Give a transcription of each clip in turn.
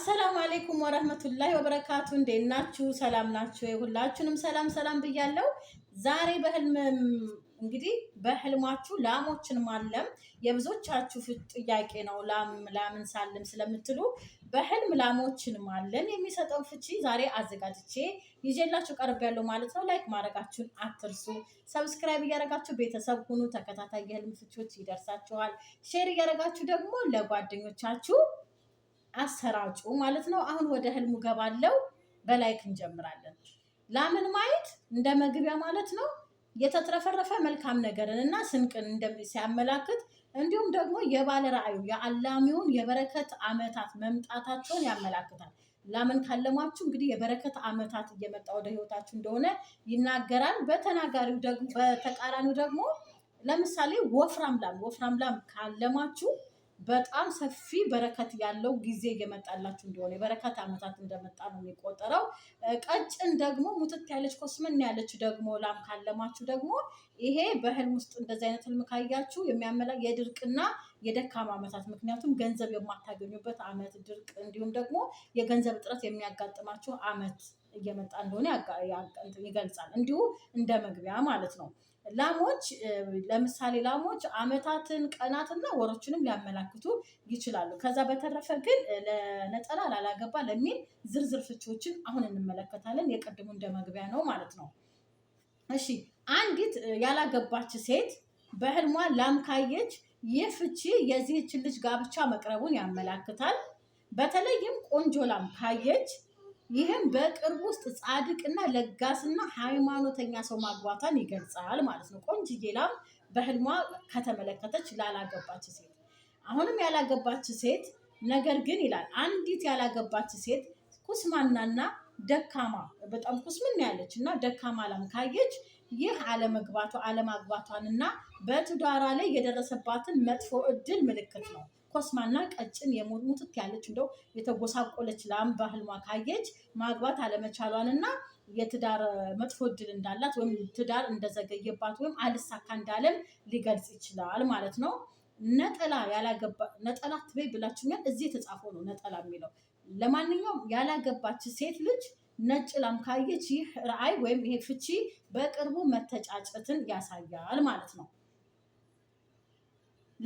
አሰላሙ አሌይኩም ወረህመቱላሂ ወበረካቱ። እንዴት ናችሁ? ሰላም ናችሁ? የሁላችሁንም ሰላም ሰላም ብያለሁ። ዛሬ በህልም እንግዲህ በህልማችሁ ላሞችን ማለም የብዙዎቻችሁ ጥያቄ ነው። ላም ላምን ሳልም ስለምትሉ በህልም ላሞችን ማለም የሚሰጠው ፍቺ ዛሬ አዘጋጅቼ ይዤላችሁ ቀርብ ማለት ነው። ላይክ ማድረጋችሁን አትርሱ። ሰብስክራይብ እያደረጋችሁ ቤተሰብ ሁኑ። ተከታታይ የህልም ፍቺዎች ይደርሳችኋል። ሼር እያደረጋችሁ ደግሞ ለጓደኞቻችሁ አሰራጩ ማለት ነው። አሁን ወደ ህልሙ ገባለው። በላይክ እንጀምራለን። ላምን ማየት እንደ መግቢያ ማለት ነው። የተትረፈረፈ መልካም ነገርን እና ስንቅን ሲያመላክት እንዲሁም ደግሞ የባለ ራእዩ የአላሚውን የበረከት አመታት መምጣታቸውን ያመላክታል። ላምን ካለማችሁ እንግዲህ የበረከት አመታት እየመጣ ወደ ህይወታችሁ እንደሆነ ይናገራል። በተናጋሪው ደግሞ በተቃራኒው ደግሞ ለምሳሌ ወፍራም ላም ወፍራም ላም ካለማችሁ በጣም ሰፊ በረከት ያለው ጊዜ እየመጣላችሁ እንደሆነ የበረከት ዓመታት እንደመጣ ነው የሚቆጠረው። ቀጭን ደግሞ ሙትት ያለች ኮስመን ያለች ደግሞ ላም ካለማችሁ ደግሞ ይሄ በህልም ውስጥ እንደዚህ አይነት ህልም ካያችሁ የሚያመላ የድርቅና የደካማ ዓመታት ምክንያቱም ገንዘብ የማታገኙበት ዓመት ድርቅ፣ እንዲሁም ደግሞ የገንዘብ እጥረት የሚያጋጥማችሁ ዓመት እየመጣ እንደሆነ ይገልጻል። እንዲሁ እንደ መግቢያ ማለት ነው። ላሞች ለምሳሌ ላሞች አመታትን ቀናትና ወሮችንም ሊያመላክቱ ይችላሉ። ከዛ በተረፈ ግን ለነጠላ ላላገባ ለሚል ዝርዝር ፍቾችን አሁን እንመለከታለን። የቅድሙ እንደ መግቢያ ነው ማለት ነው። እሺ አንዲት ያላገባች ሴት በህልሟ ላም ካየች ይህ ፍቺ የዚህችን ልጅ ጋብቻ መቅረቡን ያመላክታል። በተለይም ቆንጆ ላም ካየች ይህም በቅርብ ውስጥ ጻድቅና ለጋስና ሃይማኖተኛ ሰው ማግባቷን ይገልጻል ማለት ነው። ቆንጅዬ ላም በህልሟ ከተመለከተች ላላገባች ሴት አሁንም ያላገባች ሴት ነገር ግን ይላል አንዲት ያላገባች ሴት ኩስማናና ደካማ በጣም ኩስምን ያለች እና ደካማ ላም ካየች ይህ አለመግባቷ አለማግባቷንና በትዳሯ ላይ የደረሰባትን መጥፎ እድል ምልክት ነው። ኮስማና ቀጭን የሙጥት ያለች እንደው የተጎሳቆለች ላም ባህልሟ ካየች ማግባት እና የትዳር መጥፎ እድል እንዳላት ወይም ትዳር እንደዘገየባት ወይም አልሳካ እንዳለም ሊገልጽ ይችላል ማለት ነው። ነጠላ ያላገባ ነጠላ ትበይ ብላችሁኛል። እዚህ የተጻፈው ነው ነጠላ የሚለው ለማንኛውም ያላገባች ሴት ልጅ ነጭ ላም ካየች ይህ ራዕይ ወይም ይሄ ፍቺ በቅርቡ መተጫጨትን ያሳያል ማለት ነው።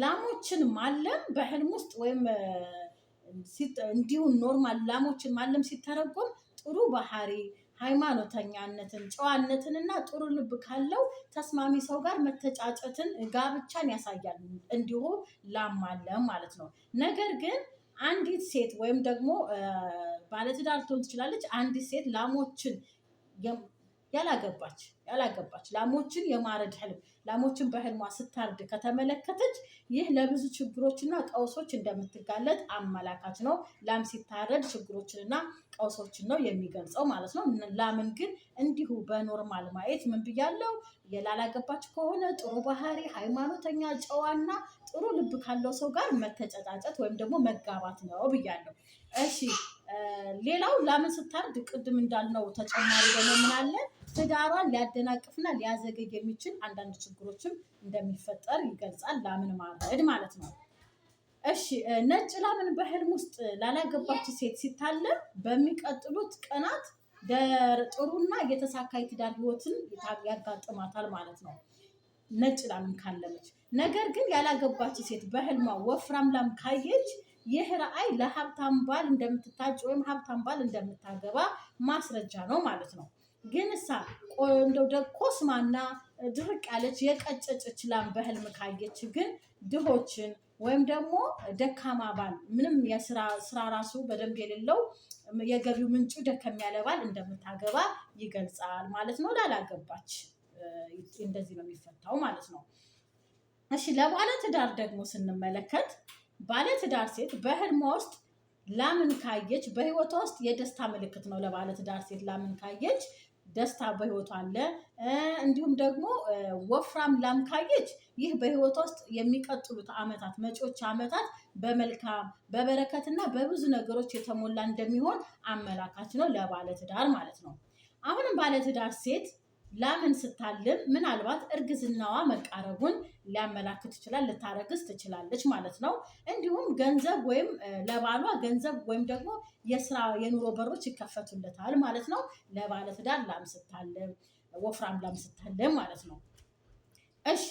ላሞችን ማለም በህልም ውስጥ ወይም እንዲሁም ኖርማል ላሞችን ማለም ሲተረጎም ጥሩ ባህሪ፣ ሃይማኖተኛነትን፣ ጨዋነትንና ጥሩ ልብ ካለው ተስማሚ ሰው ጋር መተጫጨትን፣ ጋብቻን ያሳያል። እንዲሁ ላም ማለም ማለት ነው። ነገር ግን አንዲት ሴት ወይም ደግሞ ባለትዳር ትሆን ትችላለች። አንዲት ሴት ላሞችን ያላገባች ያላገባች ላሞችን የማረድ ህልም ላሞችን በህልሟ ስታርድ ከተመለከተች ይህ ለብዙ ችግሮችና ቀውሶች እንደምትጋለጥ አመላካች ነው። ላም ሲታረድ ችግሮችንና ቀውሶችን ነው የሚገልጸው ማለት ነው። ላምን ግን እንዲሁ በኖርማል ማየት ምን ብያለው? የላላገባች ከሆነ ጥሩ ባህሪ፣ ሃይማኖተኛ፣ ጨዋና ጥሩ ልብ ካለው ሰው ጋር መተጨጫጨት ወይም ደግሞ መጋባት ነው ብያለው። እሺ ሌላው ላምን ስታርድ ቅድም እንዳልነው ተጨማሪ ደግሞ ምን ትዳሯን ሊያደናቅፍና ሊያዘገግ የሚችል አንዳንድ ችግሮችም እንደሚፈጠር ይገልጻል። ላምን ማረድ ማለት ነው። እሺ ነጭ ላምን በህልም ውስጥ ላላገባች ሴት ሲታለም በሚቀጥሉት ቀናት ጥሩና የተሳካ የትዳር ህይወትን ያጋጥማታል ማለት ነው። ነጭ ላምን ካለመች። ነገር ግን ያላገባች ሴት በህልማ ወፍራም ላም ካየች ይህ ረአይ ለሀብታም ባል እንደምትታጭ ወይም ሀብታም ባል እንደምታገባ ማስረጃ ነው ማለት ነው። ግን እሳ እንደው ኮስማና ድርቅ ያለች የቀጨጨች ላም በህልም ካየች ግን ድሆችን ወይም ደግሞ ደካማ ባል ምንም የስራ ስራ ራሱ በደንብ የሌለው የገቢው ምንጩ ደከም ያለ ባል እንደምታገባ ይገልጻል ማለት ነው። ላላገባች እንደዚህ ነው የሚፈታው ማለት ነው። እሺ ለባለ ትዳር ደግሞ ስንመለከት ባለ ትዳር ሴት በህልሟ ውስጥ ላምን ካየች በህይወቷ ውስጥ የደስታ ምልክት ነው። ለባለ ትዳር ሴት ላምን ካየች ደስታ በህይወቷ አለ። እንዲሁም ደግሞ ወፍራም ላም ካየች ይህ በህይወቷ ውስጥ የሚቀጥሉት አመታት መጪዎች አመታት በመልካም በበረከት እና በብዙ ነገሮች የተሞላ እንደሚሆን አመላካች ነው ለባለትዳር ማለት ነው። አሁንም ባለትዳር ሴት ላምን ስታልም ምናልባት እርግዝናዋ መቃረቡን ሊያመላክት ይችላል። ልታረግዝ ትችላለች ማለት ነው። እንዲሁም ገንዘብ ወይም ለባሏ ገንዘብ ወይም ደግሞ የስራ የኑሮ በሮች ይከፈቱለታል ማለት ነው። ለባለትዳር ላም ስታልም፣ ወፍራም ላም ስታልም ማለት ነው። እሺ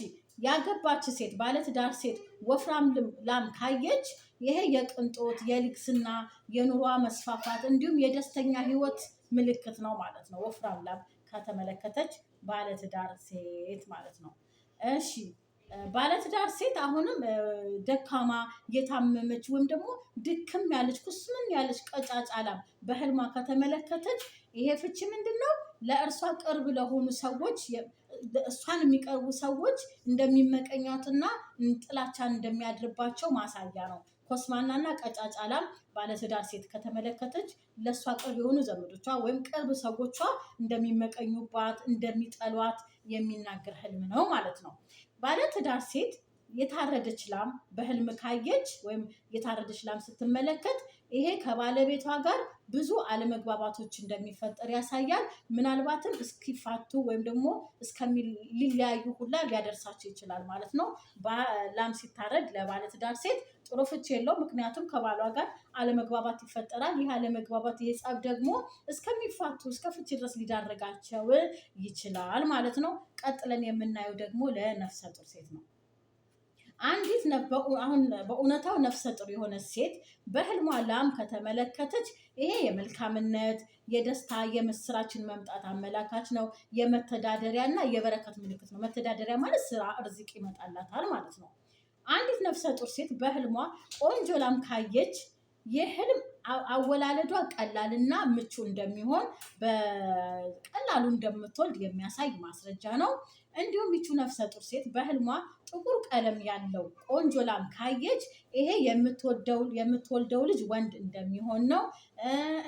ያገባች ሴት ባለትዳር ሴት ወፍራም ላም ካየች ይሄ የቅንጦት የልግስና የኑሯ መስፋፋት እንዲሁም የደስተኛ ህይወት ምልክት ነው ማለት ነው። ወፍራም ላም ከተመለከተች ባለትዳር ሴት ማለት ነው። እሺ ባለትዳር ሴት አሁንም ደካማ የታመመች ወይም ደግሞ ድክም ያለች ኩስምን ያለች ቀጫጫላ በህልማ በህልሟ ከተመለከተች ይሄ ፍቺ ምንድን ነው? ለእርሷ ቅርብ ለሆኑ ሰዎች እሷን የሚቀርቡ ሰዎች እንደሚመቀኛትና ጥላቻን እንደሚያድርባቸው ማሳያ ነው። ኮስማናና ቀጫጫ ላም ባለትዳር ሴት ከተመለከተች ለእሷ ቅርብ የሆኑ ዘመዶቿ ወይም ቅርብ ሰዎቿ እንደሚመቀኙባት፣ እንደሚጠሏት የሚናገር ህልም ነው ማለት ነው። ባለትዳር ሴት የታረደች ላም በህልም ካየች ወይም የታረደች ላም ስትመለከት ይሄ ከባለቤቷ ጋር ብዙ አለመግባባቶች እንደሚፈጠር ያሳያል። ምናልባትም እስኪፋቱ ወይም ደግሞ እስከሚለያዩ ሁላ ሊያደርሳቸው ይችላል ማለት ነው። ላም ሲታረድ ለባለትዳር ሴት ጥሩ ፍች የለው። ምክንያቱም ከባሏ ጋር አለመግባባት ይፈጠራል። ይህ አለመግባባት ይህ ጸብ ደግሞ እስከሚፋቱ እስከ ፍች ድረስ ሊዳረጋቸው ይችላል ማለት ነው። ቀጥለን የምናየው ደግሞ ለነፍሰ ጡር ሴት ነው። አንዲት አሁን በእውነታው ነፍሰ ጡር የሆነች ሴት በህልሟ ላም ከተመለከተች ይሄ የመልካምነት የደስታ የምስራችን መምጣት አመላካች ነው። የመተዳደሪያ እና የበረከት ምልክት ነው። መተዳደሪያ ማለት ስራ፣ እርዝቅ ይመጣላታል ማለት ነው። አንዲት ነፍሰ ጡር ሴት በህልሟ ቆንጆ ላም ካየች የህልም አወላለዷ ቀላልና ምቹ እንደሚሆን በቀላሉ እንደምትወልድ የሚያሳይ ማስረጃ ነው። እንዲሁም ይቹ ነፍሰ ጡር ሴት በህልሟ ጥቁር ቀለም ያለው ቆንጆ ላም ካየች ይሄ የምትወልደው ልጅ ወንድ እንደሚሆን ነው።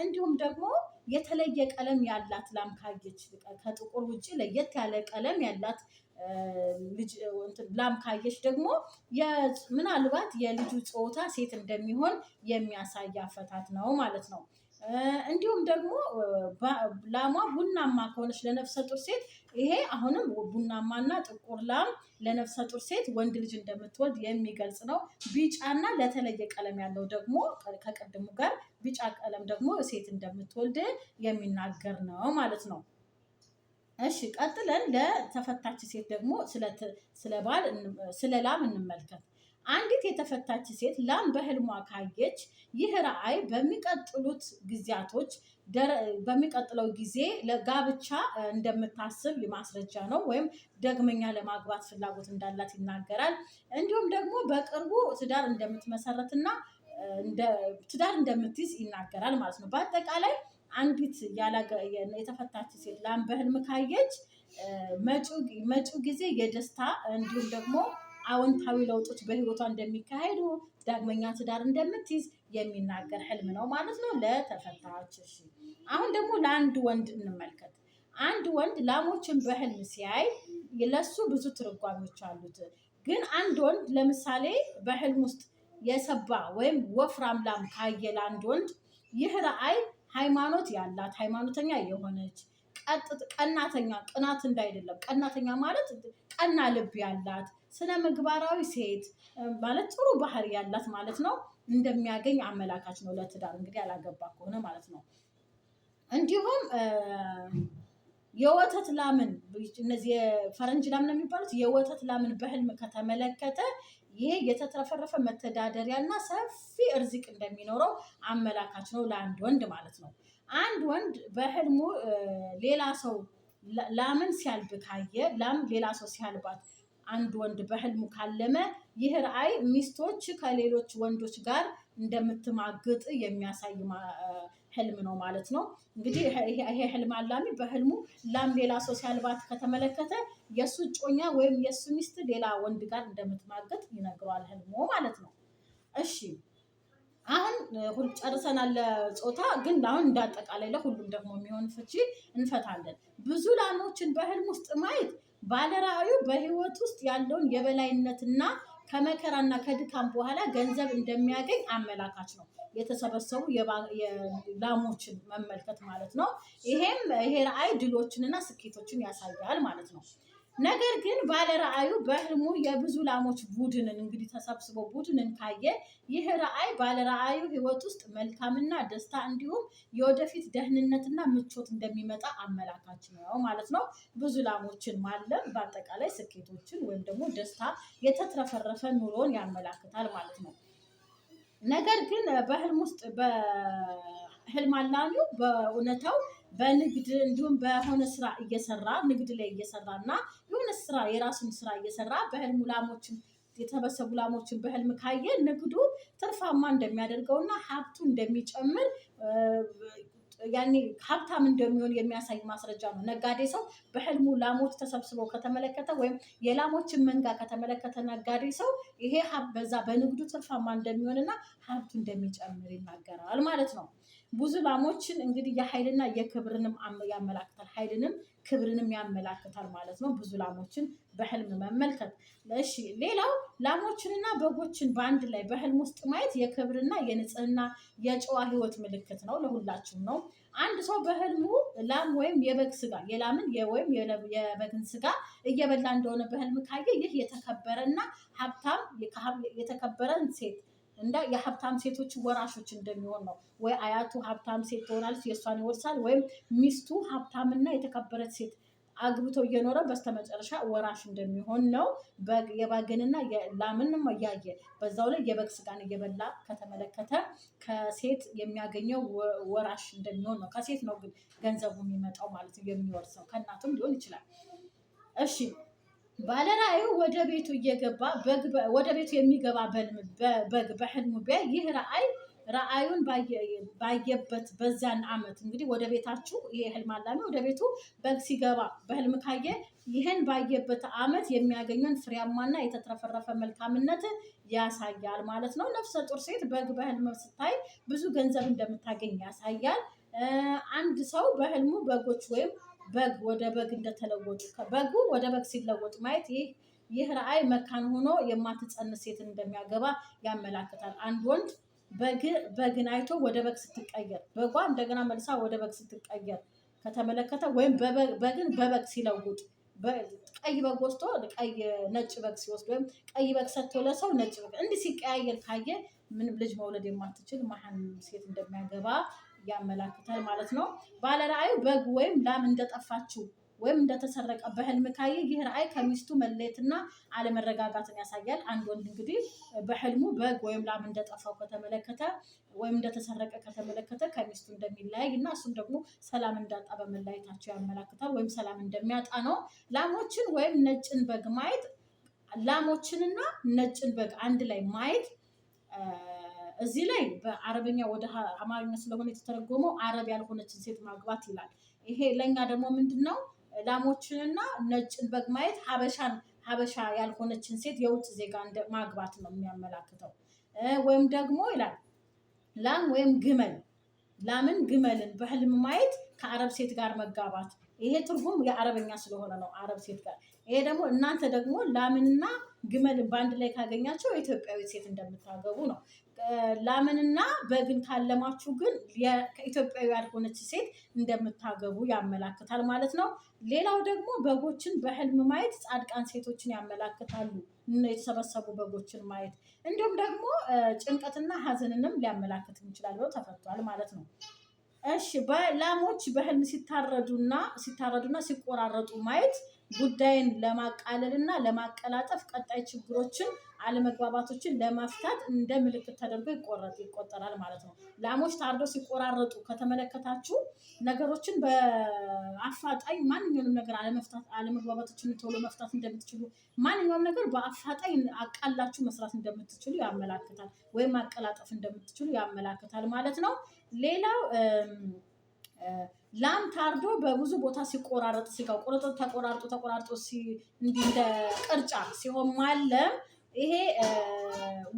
እንዲሁም ደግሞ የተለየ ቀለም ያላት ላም ካየች ከጥቁር ውጭ ለየት ያለ ቀለም ያላት ላም ካየች ደግሞ ምናልባት የልጁ ጾታ ሴት እንደሚሆን የሚያሳይ አፈታት ነው ማለት ነው። እንዲሁም ደግሞ ላሟ ቡናማ ከሆነች ለነፍሰ ጡር ሴት ይሄ አሁንም ቡናማና ጥቁር ላም ለነፍሰ ጡር ሴት ወንድ ልጅ እንደምትወልድ የሚገልጽ ነው። ቢጫና ለተለየ ቀለም ያለው ደግሞ ከቅድሙ ጋር ቢጫ ቀለም ደግሞ ሴት እንደምትወልድ የሚናገር ነው ማለት ነው። እሺ ቀጥለን ለተፈታች ሴት ደግሞ ስለ ባል ስለ ላም እንመልከት። አንዲት የተፈታች ሴት ላም በህልሟ ካየች ይህ ረአይ በሚቀጥሉት ጊዜያቶች በሚቀጥለው ጊዜ ለጋብቻ እንደምታስብ ማስረጃ ነው፣ ወይም ደግመኛ ለማግባት ፍላጎት እንዳላት ይናገራል። እንዲሁም ደግሞ በቅርቡ ትዳር እንደምትመሰረትና ትዳር እንደምትይዝ ይናገራል ማለት ነው በአጠቃላይ አንዲት የተፈታች ሴት ላም በህልም ካየች መጪው ጊዜ የደስታ እንዲሁም ደግሞ አዎንታዊ ለውጦች በህይወቷ እንደሚካሄዱ ዳግመኛ ትዳር እንደምትይዝ የሚናገር ህልም ነው ማለት ነው ለተፈታች። አሁን ደግሞ ለአንድ ወንድ እንመልከት። አንድ ወንድ ላሞችን በህልም ሲያይ ለሱ ብዙ ትርጓሜዎች አሉት። ግን አንድ ወንድ ለምሳሌ በህልም ውስጥ የሰባ ወይም ወፍራም ላም ካየ ለአንድ ወንድ ይህ ረአይ ሃይማኖት ያላት ሃይማኖተኛ የሆነች ቀናተኛ ቅናት እንዳይደለም ቀናተኛ ማለት ቀና ልብ ያላት ስነ ምግባራዊ ሴት ማለት ጥሩ ባህሪ ያላት ማለት ነው እንደሚያገኝ አመላካች ነው። ለትዳር እንግዲህ ያላገባ ከሆነ ማለት ነው። እንዲሁም የወተት ላምን እነዚህ የፈረንጅ ላምን የሚባሉት። የወተት ላምን በህልም ከተመለከተ ይህ የተትረፈረፈ መተዳደሪያና ሰፊ እርዝቅ እንደሚኖረው አመላካች ነው፣ ለአንድ ወንድ ማለት ነው። አንድ ወንድ በህልሙ ሌላ ሰው ላምን ሲያልብ ካየ፣ ላም ሌላ ሰው ሲያልባት አንድ ወንድ በህልሙ ካለመ ይህ ራእይ ሚስቶች ከሌሎች ወንዶች ጋር እንደምትማግጥ የሚያሳይ ህልም ነው ማለት ነው። እንግዲህ ይሄ ህልም አላሚ በህልሙ ላም ሌላ ሰው ሲያልባት ከተመለከተ የእሱ እጮኛ ወይም የእሱ ሚስት ሌላ ወንድ ጋር እንደምትማገጥ ይነግሯል ህልሙ ማለት ነው። እሺ አሁን ሁሉ ጨርሰናል። ጾታ ግን አሁን እንዳጠቃላይ ለሁሉም ደግሞ የሚሆን ፍቺ እንፈታለን። ብዙ ላሞችን በህልም ውስጥ ማየት ባለራዕዩ በህይወት ውስጥ ያለውን የበላይነትና ከመከራና ከድካም በኋላ ገንዘብ እንደሚያገኝ አመላካች ነው። የተሰበሰቡ የላሞችን መመልከት ማለት ነው። ይሄም ይሄ ራእይ ድሎችንና ስኬቶችን ያሳያል ማለት ነው። ነገር ግን ባለ ረአዩ በህልሙ የብዙ ላሞች ቡድንን እንግዲህ ተሰብስቦ ቡድንን ካየ ይህ ረአይ ባለ ረአዩ ህይወት ውስጥ መልካምና ደስታ እንዲሁም የወደፊት ደህንነትና ምቾት እንደሚመጣ አመላካች ነው ማለት ነው። ብዙ ላሞችን ማለም በአጠቃላይ ስኬቶችን ወይም ደግሞ ደስታ፣ የተትረፈረፈ ኑሮን ያመላክታል ማለት ነው። ነገር ግን በህልም ውስጥ በህልም አላሚው በእውነታው በንግድ እንዲሁም በሆነ ስራ እየሰራ ንግድ ላይ እየሰራ እና የሆነ ስራ የራሱን ስራ እየሰራ በህልሙ ላሞችን የተበሰቡ ላሞችን በህልም ካየ ንግዱ ትርፋማ እንደሚያደርገው እና ሀብቱ እንደሚጨምር ያኔ ሀብታም እንደሚሆን የሚያሳይ ማስረጃ ነው። ነጋዴ ሰው በህልሙ ላሞች ተሰብስበው ከተመለከተ ወይም የላሞችን መንጋ ከተመለከተ ነጋዴ ሰው ይሄ በዛ በንግዱ ትርፋማ እንደሚሆንና ሀብቱ እንደሚጨምር ይናገራል ማለት ነው። ብዙ ላሞችን እንግዲህ የኃይልና የክብርንም ያመላክታል። ኃይልንም ክብርንም ያመላክታል ማለት ነው። ብዙ ላሞችን በህልም መመልከት። እሺ፣ ሌላው ላሞችንና በጎችን በአንድ ላይ በህልም ውስጥ ማየት የክብርና የንጽህና የጨዋ ህይወት ምልክት ነው። ለሁላችሁም ነው። አንድ ሰው በህልሙ ላም ወይም የበግ ስጋ የላምን ወይም የበግን ስጋ እየበላ እንደሆነ በህልም ካየ ይህ የተከበረና ሀብታም የተከበረን ሴት እንደ የሀብታም ሴቶች ወራሾች እንደሚሆን ነው። ወይ አያቱ ሀብታም ሴት ትሆናለች፣ የእሷን ይወርሳል። ወይም ሚስቱ ሀብታምና የተከበረች ሴት አግብቶ እየኖረ በስተመጨረሻ ወራሽ እንደሚሆን ነው። የበግንና ላምን እያየ በዛው ላይ የበግ ስጋን እየበላ ከተመለከተ ከሴት የሚያገኘው ወራሽ እንደሚሆን ነው። ከሴት ነው ግን ገንዘቡ የሚመጣው ማለት ነው፣ የሚወርሰው ከእናቱም ሊሆን ይችላል። እሺ ባለራእዩ ወደ ቤቱ እየገባ ወደ ቤቱ የሚገባ በግ በሕልሙ ቢያይ ይህ ረአይ ረአዩን ባየበት በዛን አመት እንግዲህ ወደ ቤታችሁ ይሄ ህልም አላሚ ወደ ቤቱ በግ ሲገባ በህልም ካየ ይህን ባየበት አመት የሚያገኘን ፍሬያማና የተትረፈረፈ መልካምነት ያሳያል ማለት ነው። ነፍሰ ጡር ሴት በግ በህልም ስታይ ብዙ ገንዘብ እንደምታገኝ ያሳያል። አንድ ሰው በህልሙ በጎች ወይም በግ ወደ በግ እንደተለወጡ በጉ ወደ በግ ሲለወጡ ማየት ይህ ይህ ረአይ መካን ሆኖ የማትጸንስ ሴትን እንደሚያገባ ያመላክታል። አንድ ወንድ በግን አይቶ ወደ በግ ስትቀየር፣ በጓ እንደገና መልሳ ወደ በግ ስትቀየር ከተመለከተ ወይም በግን በበግ ሲለውጥ ቀይ በግ ወስዶ ቀይ ነጭ በግ ሲወስድ ወይም ቀይ በግ ሰጥቶ ለሰው ነጭ በግ እንዲህ ሲቀያየር ካየ ምንም ልጅ መውለድ የማትችል መሀን ሴት እንደሚያገባ ያመላክታል ማለት ነው። ባለ ራእዩ በግ ወይም ላም እንደጠፋችው ወይም እንደተሰረቀ በህልም ካየ ይህ ራእይ ከሚስቱ መለየትና አለመረጋጋትን ያሳያል። አንድ ወንድ እንግዲህ በህልሙ በግ ወይም ላም እንደጠፋው ከተመለከተ ወይም እንደተሰረቀ ከተመለከተ ከሚስቱ እንደሚለያይ እና እሱም ደግሞ ሰላም እንዳጣ በመለያየታቸው ያመላክታል፣ ወይም ሰላም እንደሚያጣ ነው። ላሞችን ወይም ነጭን በግ ማየት ላሞችንና ነጭን በግ አንድ ላይ ማየት እዚህ ላይ በአረበኛ ወደ አማርኛ ስለሆነ የተተረጎመው አረብ ያልሆነችን ሴት ማግባት ይላል። ይሄ ለእኛ ደግሞ ምንድን ነው? ላሞችንና ነጭን በግ ማየት ሀበሻን ሀበሻ ያልሆነችን ሴት የውጭ ዜጋ ማግባት ነው የሚያመላክተው። ወይም ደግሞ ይላል ላም ወይም ግመል ላምን ግመልን በህልም ማየት ከአረብ ሴት ጋር መጋባት። ይሄ ትርጉም የአረበኛ ስለሆነ ነው አረብ ሴት ጋር። ይሄ ደግሞ እናንተ ደግሞ ላምንና ግመልን በአንድ ላይ ካገኛቸው የኢትዮጵያዊ ሴት እንደምታገቡ ነው። ላምንና በግን ካለማችሁ ግን ከኢትዮጵያዊ ያልሆነች ሴት እንደምታገቡ ያመላክታል ማለት ነው። ሌላው ደግሞ በጎችን በህልም ማየት ጻድቃን ሴቶችን ያመላክታሉ። የተሰበሰቡ በጎችን ማየት እንዲሁም ደግሞ ጭንቀትና ሀዘንንም ሊያመላክት ይችላል ብለው ተፈቷል ማለት ነው። እሺ በላሞች በህልም ሲታረዱና ሲታረዱና ሲቆራረጡ ማየት ጉዳይን ለማቃለል እና ለማቀላጠፍ ቀጣይ ችግሮችን፣ አለመግባባቶችን ለመፍታት እንደ ምልክት ተደርጎ ይቆረጥ ይቆጠራል ማለት ነው። ላሞች ታርደው ሲቆራረጡ ከተመለከታችሁ ነገሮችን በአፋጣኝ ማንኛውንም ነገር አለመፍታት አለመግባባቶችን ቶሎ መፍታት እንደምትችሉ፣ ማንኛውም ነገር በአፋጣኝ አቃላችሁ መስራት እንደምትችሉ ያመላክታል፣ ወይም አቀላጠፍ እንደምትችሉ ያመላክታል ማለት ነው። ሌላው ላም ታርዶ በብዙ ቦታ ሲቆራረጥ ሲጋው ቆርጦ ተቆራርጦ ተቆራርጦ እንደ ቅርጫ ሲሆን ማለም ይሄ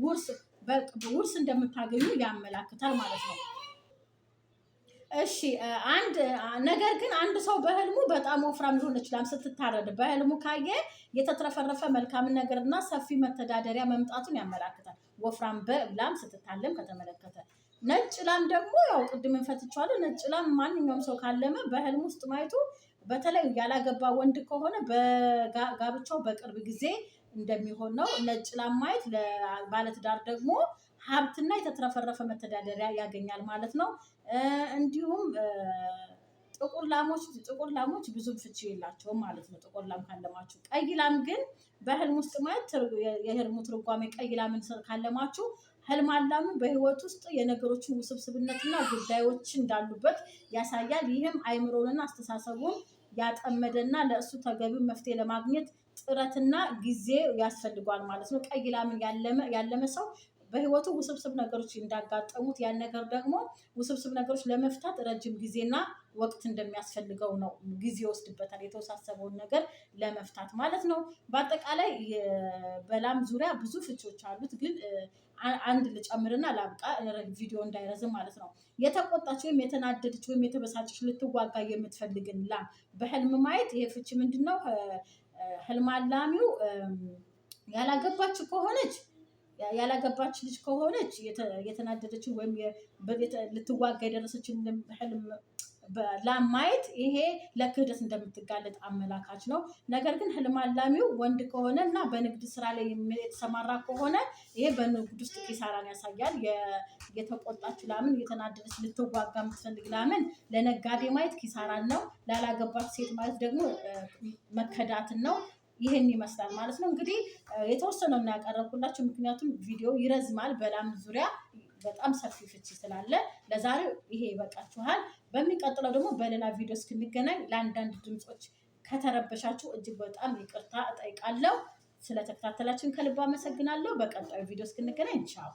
ውርስ ውርስ እንደምታገኙ ያመላክታል ማለት ነው። እሺ አንድ ነገር ግን አንድ ሰው በህልሙ በጣም ወፍራም ሊሆን ላም ስትታረድ በህልሙ ካየ የተትረፈረፈ መልካም ነገርና ሰፊ መተዳደሪያ መምጣቱን ያመላክታል። ወፍራም በላም ስትታለም ከተመለከተ ነጭ ላም ደግሞ ያው ቅድም እንፈትቸዋለን። ነጭ ላም ማንኛውም ሰው ካለመ በህልም ውስጥ ማየቱ በተለይ ያላገባ ወንድ ከሆነ በጋብቻው በቅርብ ጊዜ እንደሚሆን ነው። ነጭ ላም ማየት ለባለትዳር ደግሞ ሀብትና የተትረፈረፈ መተዳደሪያ ያገኛል ማለት ነው። እንዲሁም ጥቁር ላሞች ጥቁር ላሞች ብዙም ፍቺ የላቸውም ማለት ነው። ጥቁር ላም ካለማችሁ፣ ቀይ ላም ግን በህልም ውስጥ ማየት የህልሙ ትርጓሜ ቀይ ላምን ካለማችሁ ህልም አላሙ በህይወት ውስጥ የነገሮችን ውስብስብነትና ጉዳዮች እንዳሉበት ያሳያል። ይህም አይምሮንና አስተሳሰቡን ያጠመደና ለእሱ ተገቢ መፍትሄ ለማግኘት ጥረትና ጊዜ ያስፈልጓል ማለት ነው። ቀይ ላምን ያለመ ሰው በህይወቱ ውስብስብ ነገሮች እንዳጋጠሙት ያን ነገር ደግሞ ውስብስብ ነገሮች ለመፍታት ረጅም ጊዜና ወቅት እንደሚያስፈልገው ነው። ጊዜ ይወስድበታል፣ የተወሳሰበውን ነገር ለመፍታት ማለት ነው። በአጠቃላይ በላም ዙሪያ ብዙ ፍቾች አሉት፣ ግን አንድ ልጨምርና ላብቃ፣ ቪዲዮ እንዳይረዝም ማለት ነው። የተቆጣች ወይም የተናደደች ወይም የተበሳጨች ልትዋጋ የምትፈልግን ላም በህልም ማየት ይሄ ፍቺ ምንድን ነው? ህልም አላሚው ያላገባች ከሆነች ያላገባች ልጅ ከሆነች የተናደደችን ወይም ልትዋጋ የደረሰችን ህልም ላማየት ይሄ ለክህደት እንደምትጋለጥ አመላካች ነው። ነገር ግን ህልም አላሚው ወንድ ከሆነ እና በንግድ ስራ ላይ የተሰማራ ከሆነ ይሄ በንግድ ውስጥ ኪሳራን ያሳያል። የተቆጣች ላምን፣ የተናደደች ልትዋጋ የምትፈልግ ላምን ለነጋዴ ማየት ኪሳራን ነው። ላላገባች ሴት ማየት ደግሞ መከዳትን ነው። ይህን ይመስላል ማለት ነው። እንግዲህ የተወሰነው እና ያቀረብኩላችሁ ምክንያቱም ቪዲዮ ይረዝማል። በላም ዙሪያ በጣም ሰፊ ፍቺ ስላለ ለዛሬው ይሄ ይበቃችኋል። በሚቀጥለው ደግሞ በሌላ ቪዲዮ እስክንገናኝ ለአንዳንድ ድምፆች ከተረበሻችሁ እጅግ በጣም ይቅርታ እጠይቃለሁ። ስለተከታተላችን ከልብ አመሰግናለሁ። በቀጣዩ ቪዲዮ እስክንገናኝ ቻው።